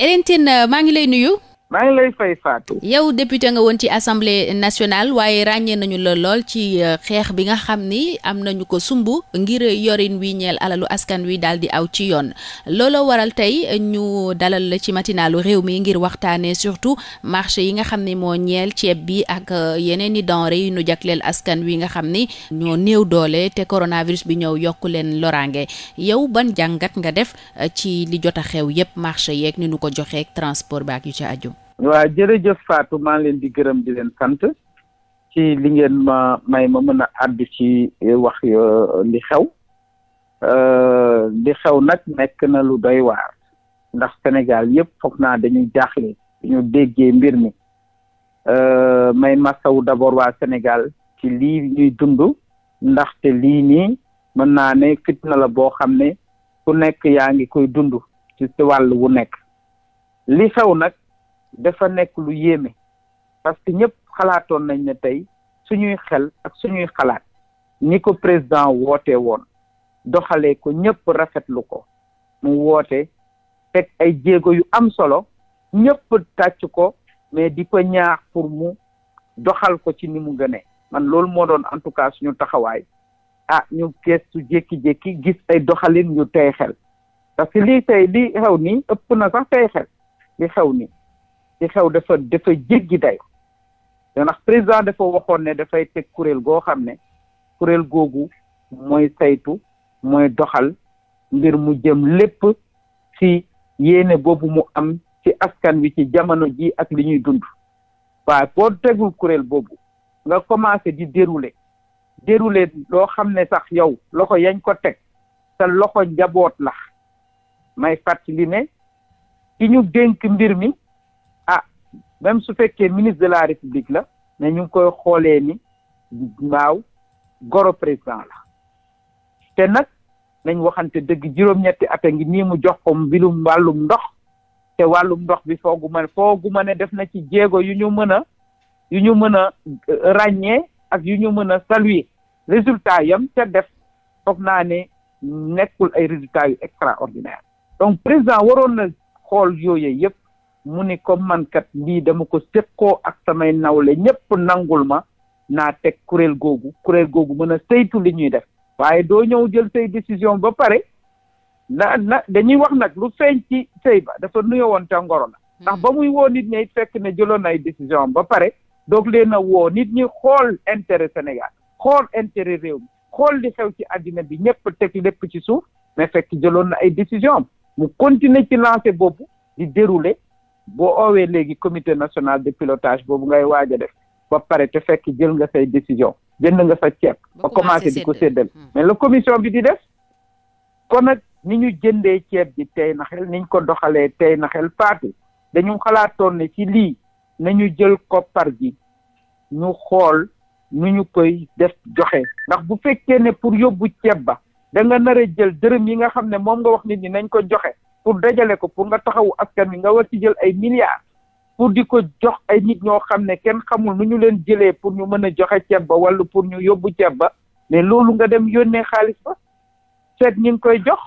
Hélène Tine maa ngi lay nuyu. maa ngi lay fay Fatou. yow député nga woon ci assemblée nationale waaye ràññee nañu la lool ci euh, xeex bi nga xam ni am nañu ko sumb ngir yorin wi ñeel alalu askan wi daal di aw ci yoon looloo waral tey ñu dalal la ci matinalu réew mi ngir waxtaanee surtout marché yi nga xam ni moo ñeel ceeb bi ak euh, yeneen i denrées yi nu jagleel askan wi nga xam ni ñoo néew doole te coronavirus bi ñëw yokk leen loraange yow ban jàngat nga def euh, ci li jot a xew yépp marché yeeg ni nu ko joxeeg transport baak yu waaw jërëjëf Fatou maa ngi leen di gërëm di leen sant ci li ngeen ma may ma mën a àddu ci eh, wax eh, li xew eh, li xew nag nekk na lu doy waar ndax Sénégal yëpp foog naa dañuy jaaxle ñu déggee mbir mi may masawu d'abord waa Sénégal ci lii ñuy dund ndaxte lii nii mën naa ne fitna la boo xam ne ku nekk yaa ngi koy dund ci wàll wu nekk li xew nag dafa nekk lu yéeme parce que ñëpp xalaatoon nañ ne tey suñuy xel ak suñuy xalaat ni ko président woote woon doxalee ko ñëpp rafetlu ko mu woote teg ay jéego yu am solo ñëpp tàcc ko mais di ko ñaax pour mu doxal ko ci ni mu gënee man loolu moo doon en tout cas suñu taxawaay ah ñu gestu jékki-jékki gis ay doxalin yu tey xel parce que lii tey li xew nii ëpp na sax tey xel li xew nii ci xew dafa dafa jéggi dayo dandax président dafa waxoon ne dafay teg kuréel goo xam ne kuréel googu mooy saytu mooy doxal mbir mu jëm lépp ci yéene boobu mu am ci askan wi ci jamono ji ak li ñuy dund waaye boo tegul kuréel boobu nga commencé di dërule dérouler loo xam ne sax yow loxo yañ ko teg sa loxo njaboot la may fàttali ne ki ñu dénk mbir mi même su fekkee ministre de la république la ne ñu ngi koy xoolee ni waaw goro président la te nag nañ waxante dëgg juróom-ñetti at ngi nii mu jox ko mbirum wàllum ndox te wàllum ndox bi foogu ma foogu ma ne def na ci jéego yu ñu mën a yu ñu mën a euh, ràññee ak yu ñu mën a saluer résultat yam te def foog naa ne nekkul ay résultats yu extraordinaire donc président waroon na xool yooyu yëpp mu ni ko mankat lii dama ko séqoo ak samay nawle ñëpp nangul ma naa teg kuréel googu kuréel googu mën a saytu li ñuy def waaye doo ñëw jël say décision ba pare na na dañuy wax nag lu feeñ ci sëy ba dafa nuyoo woon te ngoro la hmm. ndax ba muy woo nit ñi fekk ne jëloon na ay décision ba pare doog leen a woo nit ñi xool intére Sénégal xool intérêt réew mi xool li xew ci àddina bi ñëpp teg lépp ci suuf mais fekk jëloon na ay décision mu continuer ci lancé boobu di dérouler boo oowee léegi comité national de pilotage boobu ngay waaj a def ba pare te fekk jël nga say décision jënd nga sa ceeb ba commencé di ko séddal hmm. mais la commission bi di def kon nag ni ñu jëndee ceeb bi tey na xel niñ ko doxalee tey na xel faatu dañu xalaatoon ne ci lii nañu jël koppar gi ñu xool nu ñu koy def joxe ndax bu fekkee ne pour yóbbu ceeb ba da nga nar jël dërëm yi nga xam ne moom nga wax nit ñi nañ ko joxe pour dajale ko pour nga taxawu askan wi nga war ci jël ay milliards pour di ko jox ay nit ñoo xam ne kenn xamul nu ñu leen jëlee pour ñu mën a joxe ceeb ba wala pour ñu yóbbu ceeb ba mais loolu nga dem yónnee xaalis ba seet ñu ngi koy jox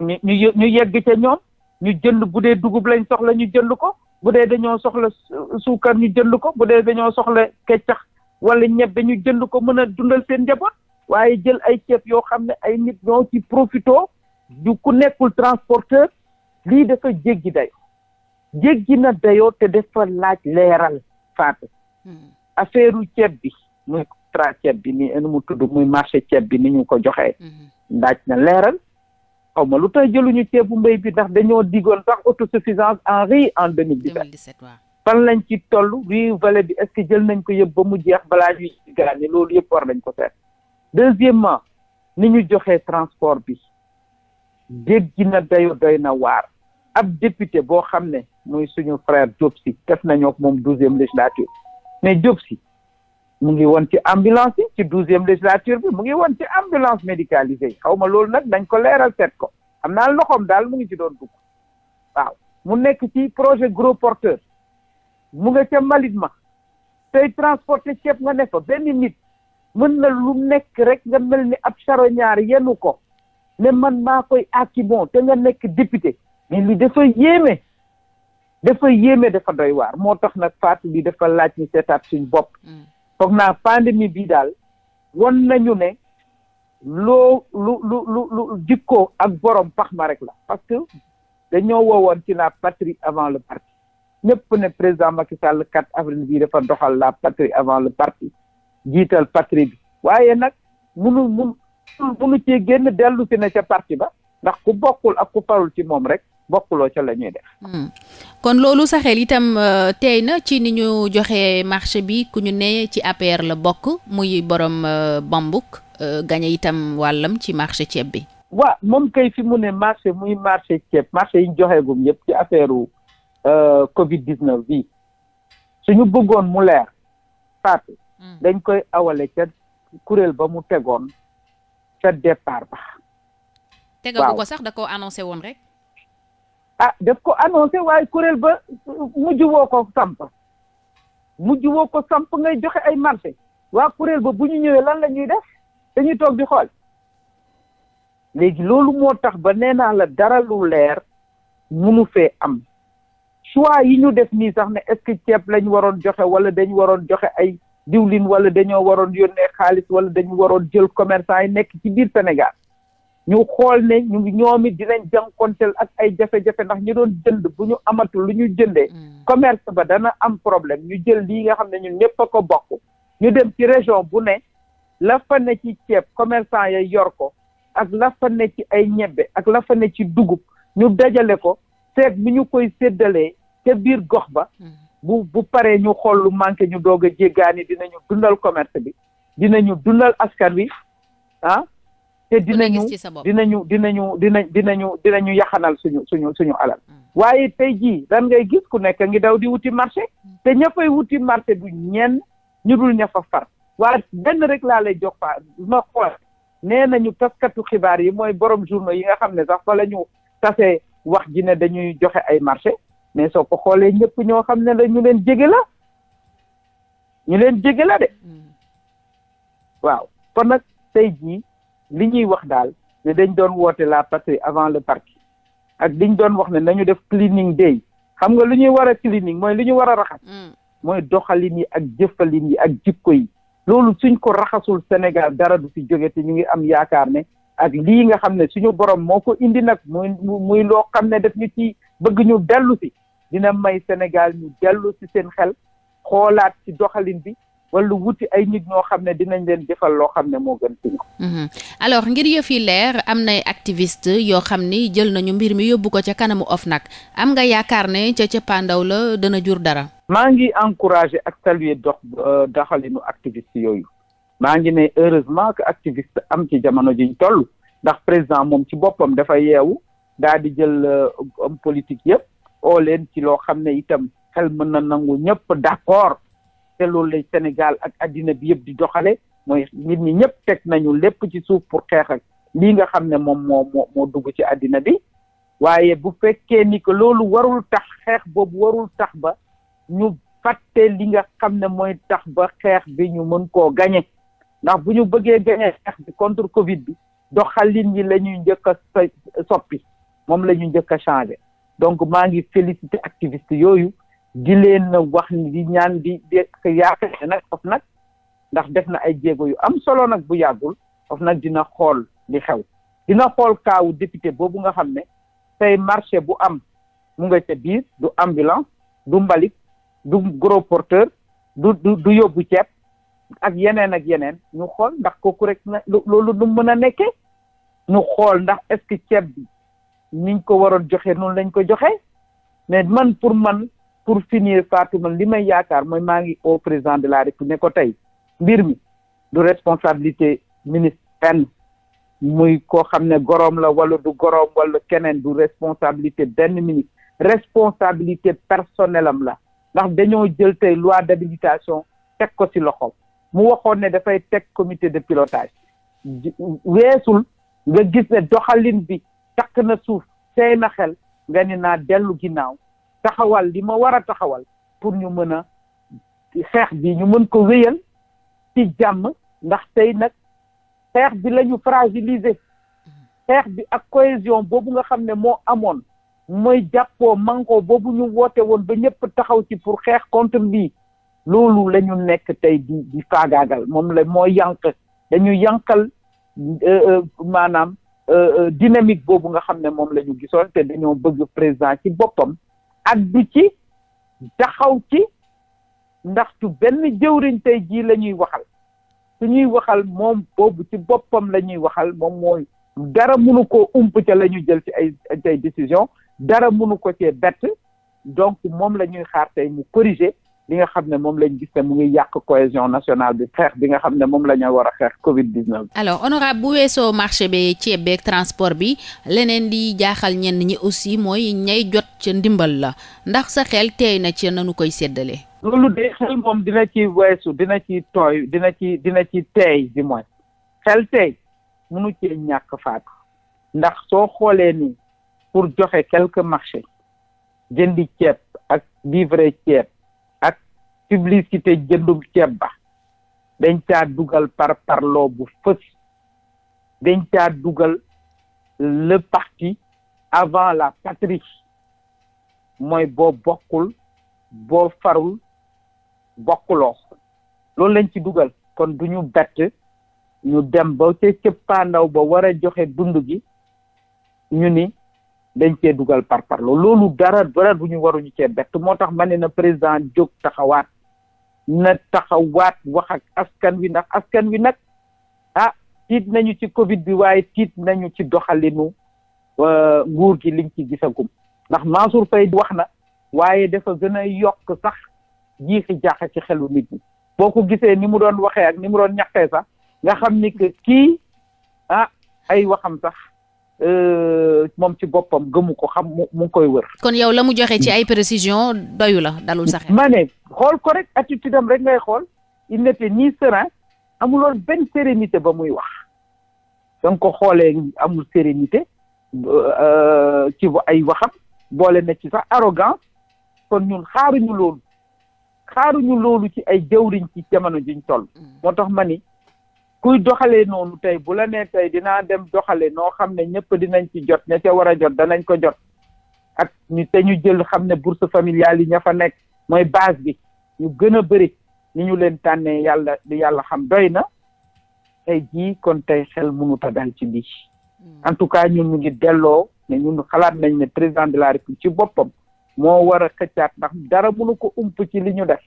ñu ñu yegg ca ñoom ñu jënd bu dee dugub lañ soxla ñu jënd ko bu dee dañoo soxla suukar ñu jënd ko bu dee dañoo soxla keccax wala ñebbe ñu jënd ko mën a dundal seen njaboot waaye jël ay ceeb yoo xam ne ay nit ñoo ci du ku nekkul transporteur lii dafa jéggi dayo jéggi na dayoo te dafa laaj leeral faatu hmm. affaire u ceeb bi muy tra ceeb bi ni nu mu tudd muy marché ceeb bi ni ñu ko joxe hmm. laaj na leeral xaw ma lu tax jëluñu ceebu mbay bi ndax dañoo digoon sax autosuffisance en riz en deux mille dix-sept lañ ci toll riz vallée bi est-ce jël nañ ko yëpp ba mu jeex balaa ñuy gaani loolu yëpp war nañ ko seet deuxièmement ni ñu joxe transport bi jéggi na dayo day na waar ab député boo xam ne muy suñu frère Diop def nañoo moom douzième législature mais Diop mu ngi woon ci ambulance yi ci douzième législature bi mu ngi woon ci ambulance médicalisée yi xaw ma loolu nag dañ ko leeral seet ko am naa loxoom daal mu ngi ci doon dugg waaw mu nekk ci projet gros porteur mu nga ca mbalit ma tey transporté ceeb nga ne fa benn nit mën na lu nekk rek nga mel ni ab charognard yenu ko ne man maa koy àkki bon te nga nekk député mais li dafa yéeme dafa yéeme dafa doy waar moo tax nag Fatou bi dafa laaj ñu seetaat suñ bopp mm. foog naa pandémie bi daal won nañu ne loo lu lu lu lu jikkoo ak borom pax ma rek la parce que dañoo woon ci la patrie avant le parti ñëpp ne président Macky Sall le 4 avril bii dafa doxal la patrie avant le parti jiital patrie bi waaye nag munu mun munu cee génn dellu fi na ca parti ba ndax ku bokkul ak ku parul ci moom rek bokkuloo ca lañuy def. Hmm. kon loolu saxel itam euh, tey na ci ni ñu joxe marché bi ku ñu ne ci APR la bokk muy borom euh, bambuk euh, gañe itam wàllam ci marché ceeb bi. waa moom kay fi mu ne marché muy marché ceeb marché yi joxe gum yëpp ci affaire Covid 19 bi suñu bëggoon mu leer Fatou. Hmm. dañ koy awale ca kuréel ba mu tegoon. ca départ ba. tegagu ko sax da koo annoncé woon rek. ah def ko annoncé waaye kuréel ba mujj woo ko samp mujj woo ko samp ngay joxe ay marché waa kuréel ba bu ñu ñëwee lan la ñuy def dañuy toog di xool léegi loolu moo tax ba nee naa la dara lu leer munu fee am choix yi ñu def nii sax ne est ceeb lañ waroon joxe wala dañ waroon joxe ay diwlin wala dañoo waroon yónnee xaalis wala dañu waroon jël commerçant yi nekk ci biir Sénégal ñu xool ne ñu ñoom it dinañ jànkonteel ak ay jafe-jafe ndax ñu doon dënd bu ñu amatul lu ñu jëndee. Mm. commerce ba dana am problème ñu jël lii nga xam ne ñun ñëpp a ko bokk. ñu dem ci région bu ne la fa ne ci ceeb commerçant ya yor ko ak la fa ci ay ñebbe ak la fa ci dugub ñu dajale ko seet mi ñu koy séddalee ca biir gox ba. Mm. bu bu paree ñu xool lu manqué ñu doog a jéggaani dinañu dundal commerce bi dina dinañu dundal askan wi ah te dinañu dinañu dinañu dinañ dinañu dinañu yaxanal suñu suñu suñu alal mm. waaye tey jii dan ngay gis ku nekk ngi daw di wuti marché mm. te ña fay wuti marché du ñenn ñu dul ña fa far waaye benn rek laa lay jox fa ma xool nee nañu taskatu xibaar yi mooy borom journaux yi nga xam ne sax fa la ñu tasee wax ji ne dañuy joxe ay marché mais soo ko xoolee ñëpp ñoo xam ne la ñu leen jege la ñu leen jege la de waaw kon nag tey jii li ñuy wax daal ne dañ doon woote la patrie avant le park ak liñ doon wax ne nañu def cleaning day xam nga lu ñuy war a cleaning mooy li ñu war a raxas mm. mooy doxalin yi ak jëfalin yi ak jikko yi loolu suñ ko raxasul Sénégal dara du fi jóge te ñu ngi am yaakaar ne ak lii nga xam ne suñu borom moo ko indi nag muy muy loo xam ne daf ñu ci bëgg ñu dellu si dina may Sénégal ñu dellu ci seen xel xoolaat ci doxalin bi wala wuti ay nit ñoo xam ne dinañ leen defal loo xam ne moo gën ci ñoom. Mhm. alors ngir yëf yi leer am nay activiste yoo xam ni jël nañu mbir mi yóbbu ko ca kanamu nag am nga yaakaar ne ca cappaandaw la dana jur dara. maa ngi encouragé ak saluer dox euh, doxalinu activiste yooyu maa ngi ne heureusement que activiste am ci jamono jiñ toll ndax président moom ci boppam dafa yeewu daal di jël euh, homme politique yëpp. oo leen ci loo xam ne itam xel mën na nangu ñëpp d'accord te loolu lay Sénégal ak addina bi yëpp di doxale mooy nit ñi ñëpp teg nañu lépp ci suuf pour xeex ak lii nga xam ne moom moo moo moo dugg ci addina bi waaye bu fekkee ni que loolu warul tax xeex boobu warul tax ba ñu fàtte li nga xam ne mooy tax ba xeex bi ñu mën koo gañe ndax bu ñu bëggee gañe xeex bi contre Covid bi doxalin yi la ñuy njëkk a soppi moom la ñuy njëkk a changé donc maa ngi félicité activiste yooyu di leen wax ni di ñaan di di yaakaar nag of nag ndax def na ay jéego yu am solo nag bu yàggul of nag dina xool li xew dina xool kaawu député boobu nga xam ne tey marché bu am mu nga te biir du ambulance du mbalit du gros porteur du du du yóbbu ceeb ak yeneen ak yeneen ñu xool ndax kooku rek na loolu lu mën a nekkee ñu xool ndax est-ce que ceeb bi niñ ko waroon joxe noonu lañ ko joxe mais man pour man pour finir Fatou man li may yaakaar mooy maa ngi au président de la République ne ko tey mbir mi du responsabilité ministre benn muy koo xam ne goroom la wala du goroom wala keneen du responsabilité benn ministre responsabilité personnelle am la ndax dañoo jël tey loi d'habilitation teg ko ci loxoom mu waxoon ne dafay teg comité de pilotage weesul nga gis ne doxalin bi takk na suuf tey na xel nga ni naa dellu ginnaaw taxawal li ma war a taxawal pour ñu mën a xeex bi ñu mën ko wéyal ci jàmm ndax tey nag xeex bi lañu ñu xeex bi ak cohésion boobu nga xam ne moo amoon mooy jàppoo manko boobu ñu woote woon ba ñëpp taxaw ci pour xeex contre bii loolu la nekk tey di di faagaagal moom la moo yànq dañu yànqal euh, euh, maanaam Euh, euh, dynamique boobu nga xam ne moom la ñu gisoon te dañoo bëgg président ci boppam addu ci taxaw ci ndax tu benn jëwriñ tey jii la ñuy waxal su ñuy waxal moom boobu ci boppam la ñuy waxal moom mooy dara mënu ko ump ca la ñu jël ci ay ay décision dara mënu ko cee bett donc moom la ñuy xaar tey mu corriger li nga xam ne moom lañ gis ne mu ngi yàq cohésion nationale bi xeex bi nga xam ne moom la ñu war a xeex Covid 19. alors honorable bu weesoo marché bi ceeb beeg transport bi leneen di jaaxal ñenn ñi aussi mooy ñay jot ca ndimbal la ndax sa xel teey na ci nanu koy séddale. loolu de xel moom dina ci weesu dina ci tooy dina ci dina ci teey di mooy xel teey munu cee ñàkk faatu ndax soo xoolee ni pour joxe quelques marchés jëndi ceeb ak livrer ceeb. publicité jëndum ceeb ba dañ caa dugal par parloo bu fës dañ caa dugal le parti avant la patrie mooy boo bokkul boo farul bokkuloo loolu lañ ci dugal kon duñu ñu bett ñu dem ba ca cëppaandaw ba war joxe dund gi ñu ni dañ cee dugal par parloo loolu dara dara du ñu waruñu cee bett moo tax ma ne na président jóg taxawaat na taxawaat wax ak askan wi ndax askan wi nag ah tiit nañu ci Covid bi waaye tiit nañu ci doxalinu euh, nguur gi liñ ci gisagum ndax Mansour Faye wax na waaye dafa gën a yokk sax jiixi jaaxa ci xelu nit ñi boo ko gisee ni mu doon waxee ak ni mu doon ñaxtee sax nga xam ni que kii ah ay waxam sax. Euh, moom ci boppam gëmu ko xam mu mu ngi koy wër. kon yow la mu joxe ci ay précision doyu la dalul sax. ma ne xool ko rek attitude am rek ngay xool il n'était ni serein amuloon benn sérénité ba muy wax danga ko xoolee amul sérénité euh, euh, ci ay waxam boole na ci sax arrogance kon ñun xaaruñu loolu xaaruñu loolu ci ay jëwriñ ci jamono juñ toll mm. moo tax ma ni. kuy doxalee noonu tey bu la nee tey dinaa dem doxale noo xam ne ñëpp dinañ ci jot ña ca war a jot danañ ko jot ak ñu te ñu jël xam ne bourse familiale yi ña fa nekk mooy baas bi ñu gën a bëri ni ñu leen tànnee yàlla di yàlla xam doy na tey jii kon tey xel mënut a dal ci lii hmm. en tout cas ñun ñu ngi delloo ne ñun xalaat nañ ne président de la république ci boppam moo war a xëccaat ndax dara mënu ko ump ci li ñu def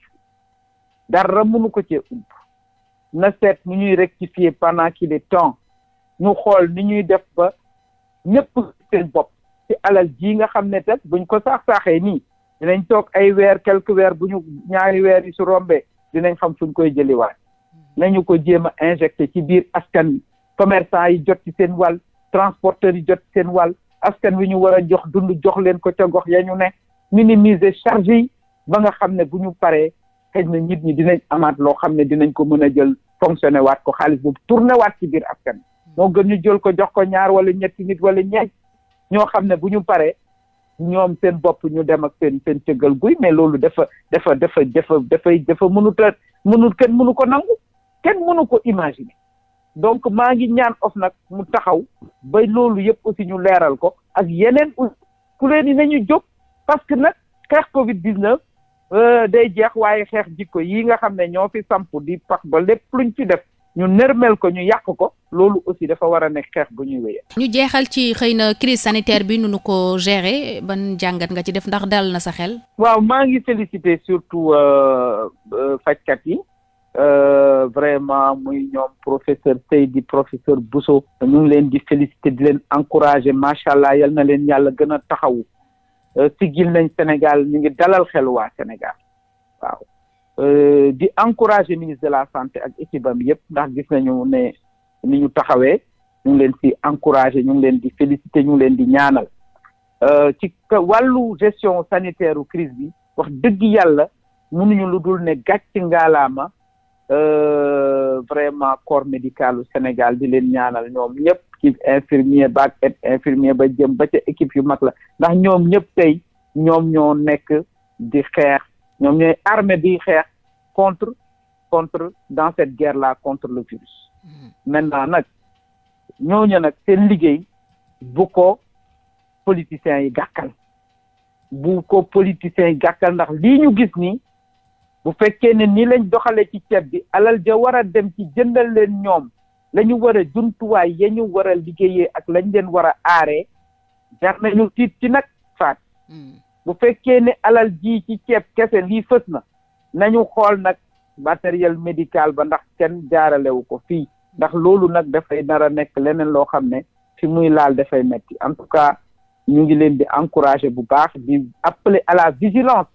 dara mënu ko cee ump na seet nu ñuy rectifier pendant qu'il est temps ñu xool ni ñuy def ba ñëpp seen bopp ci alal ji nga xam ne teg buñ ko saax saaxee nii dinañ toog ay weer quelques weer bu ñu ñaari weer yi su rombee dinañ xam fuñ koy jëliwaat nañu ko jéem a injecté ci biir askan wi commerçant yi jot ci seen wal transporteurs yi jot ci seen wàll askan wi ñu war a jox dund jox leen ko ca gox ya ñu ne minimiser charge yi ba nga xam ne bu ñu paree xëy na nit ñi dinañ amaat loo xam ne dinañ ko mën a jël fonctionné waat ko xaalis boobu tourné waat ci biir askan hmm. moo gën ñu jël ko jox ko ñaar wala ñetti nit wala ñeent ñoo xam ne bu ñu paree ñoom seen bopp ñu dem ak seen seen tëggal guy mais loolu dafa dafa dafa dafa dafay dafa mënut a mënut kenn mënu ko nangu kenn mënu ko imaginer donc maa ngi ñaan of nag mu taxaw ba loolu yëpp aussi ñu leeral ko ak yeneen ku leen ni nañu jóg parce nag xeex covid 19 Euh, day jeex waaye xeex jikko yi nga xam ne ñoo fi samp di pax ba lépp luñ ci def ñu nërmel ko ñu yàq ko loolu aussi dafa war a nekk xeex bu ñuy wéyee. ñu jeexal ci xëy na crise sanitaire bi nu nu ko gérer ban jàngat nga ci def ndax dal na sa xel. waaw maa ngi félicité surtout euh, euh, fajkat yi vraiment muy ñoom professeur Seydi professeur Bousso ñu ngi leen di félicité di leen encouragé macha allah yal na leen yàlla gën a taxawu. ci euh, siggil nañ Sénégal ñu ngi dalal xel waa Sénégal waaw euh, di encourager ministre de la santé ak équipe am yëpp ndax gis nañu ne ni ñu taxawee ñu ngi leen ci encourager ñu ngi leen di féliciter ñu ngi leen di ñaanal euh, ci wàllu gestion sanitaire u bi wax dëgg yàlla mënuñu lu dul ne gàcc ngaalaama vraiment corps médical Sénégal di leen ñaanal ñoom ñëpp équipe infirmier baak infirmier ba jëm ba ca équipe yu mag la ndax ñoom ñëpp tey ñoom ñoo nekk di xeex ñoom ñooy armée biy xeex contre contre dans cette guerre là contre le virus mm-hmm. maintenant nag ñooñu nag seen liggéey bu ko politiciens yi gàkkal bu ko politiciens yi gàkkal ndax lii ñu gis nii bu fekkee ne nii lañ doxalee ci ceeb bi alal ja war a dem ci jëndal leen ñoom la ñu war a jumtuwaay ya ñu war a liggéeyee ak lañ leen war a aaree jar nañu tiit ci nag faat hmm. bu fekkee ne alal ji ci ceeb kese lii fës na nañu xool nag matériel médical ba ndax kenn jaaralewu ko fii ndax loolu nag dafay nar nekk leneen loo xam ne fi muy laal dafay metti en tout cas ñu ngi leen di encourager bu baax di appeler à la vigilance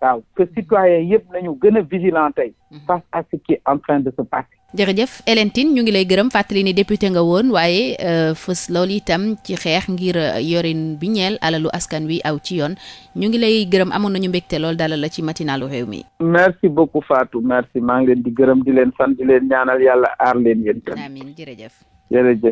waaw que citoyens yëpp nañu gën a vigilant tey hmm. face à ce qui en train de se passer jërëjëf Hélène Tine ñu ngi lay gërëm fàttali ni député nga woon waaye euh, fës loolu itam ci xeex ngir euh, yorin bi ñeel alalu askan wi aw ci yoon ñu ngi lay gërëm amoon nañu mbégte lool dalal la ci matinalu réew mi. merci beaucoup Fatou merci maa ngi leen di gërëm di leen sant di leen ñaanal yàlla aar leen yéen tam. amiin jërëjëf. jërëjëf.